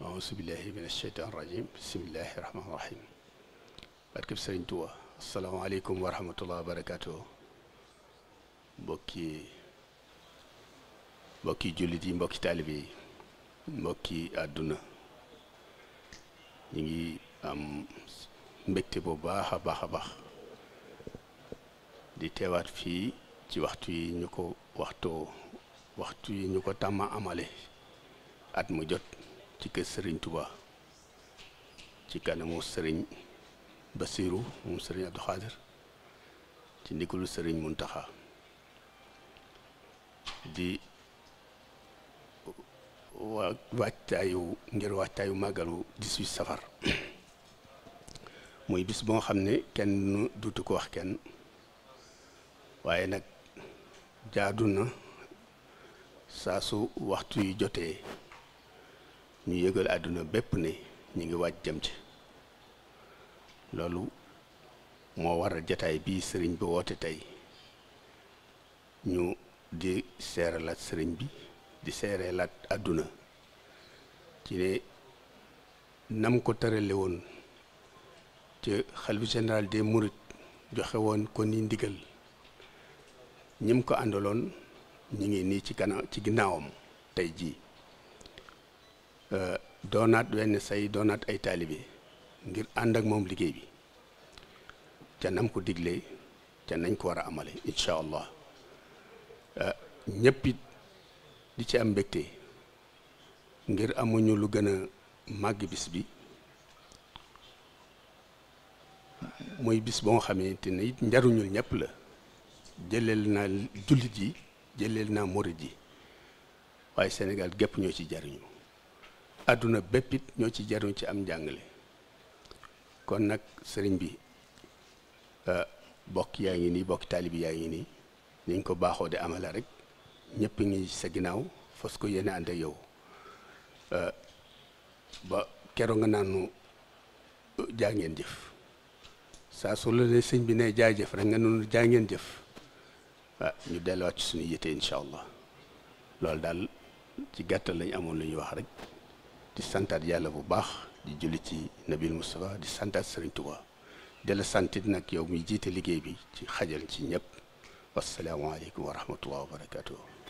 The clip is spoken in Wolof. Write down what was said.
auzu billahi min asheytaan rajim bismillahi rahmaan rahim barkeb sëriñ Tuuba asalaamaaleykum wa rahmatullah wa barakaatu mbokki mbokki jullit yi mbokki taalibe yi mbokki àdduna ñu ngi am mbégte bu baax a baax a baax di teewaat fii ci waxtu yi ñu ko waxtoo waxtu yi ñu ko tàmma amale at mu jot ci kër sëriñ Touba ci kanamu sëriñ Bassirou moom sëriñ Abdou Khadir ci ndigalu sëriñ taxa di waa waajtaayu ngir waajtaayu màggalu 18 safar muy bis boo xam ne kenn duutu ko wax kenn waaye nag jaadu na saa su waxtu yi jotee ñu yëgal àdduna bépp ne ñu ngi waaj jëm ci loolu moo waral jataay bii sëriñ bi woote tey ñu di seeralaat sëriñ bi di seeralaat àdduna ci ne nam ko tërale woon ci xalifa général des mourides joxe woon ko ni ndigal ñim ko àndaloon ñu ngi nii ci kanam ci ginnaawam tey ji Euh, donaat wenn say donaat ay taalibe ngir ànd ak moom liggéey bi ca nam ko diglee ca nañ ko war a amale incha allah euh, ñëpp it di ci am mbégte ngir amuñu lu gën a màgg bis bi mooy bis boo xamante ne it njaruñul ñëpp la jëleel naa jullit yi jëleel naa morit yi waaye senegal gépp ñoo ci jariñu àdduna béppit ñoo ci jariñ ci am njàngale kon nag sëriñ bi euh, bokk yaa ngi nii bokk taalibi yaa ngi nii niñ ko baaxoo de amala rek ñëpp ngi sa ginnaaw fas ko yéene ànd ak yow euh, ba keroog nga naanu nu euh, jaa ngeen jëf saa su la ne sëñ bi ne jaajëf rek nga noonu jaa ngeen jëf ah ñu delluwaat ci suñu yite incha allah loolu daal ci gàttal lañu amoon lu ñuy wax rek. di santaat yàlla bu baax di julli ci nabil Moustapha di santaat Serigne Touba di santit nag yow mi jiite liggéey bi ci xajal ci ñëpp wasalaamualeykum wa rahmatullah wa barakatuh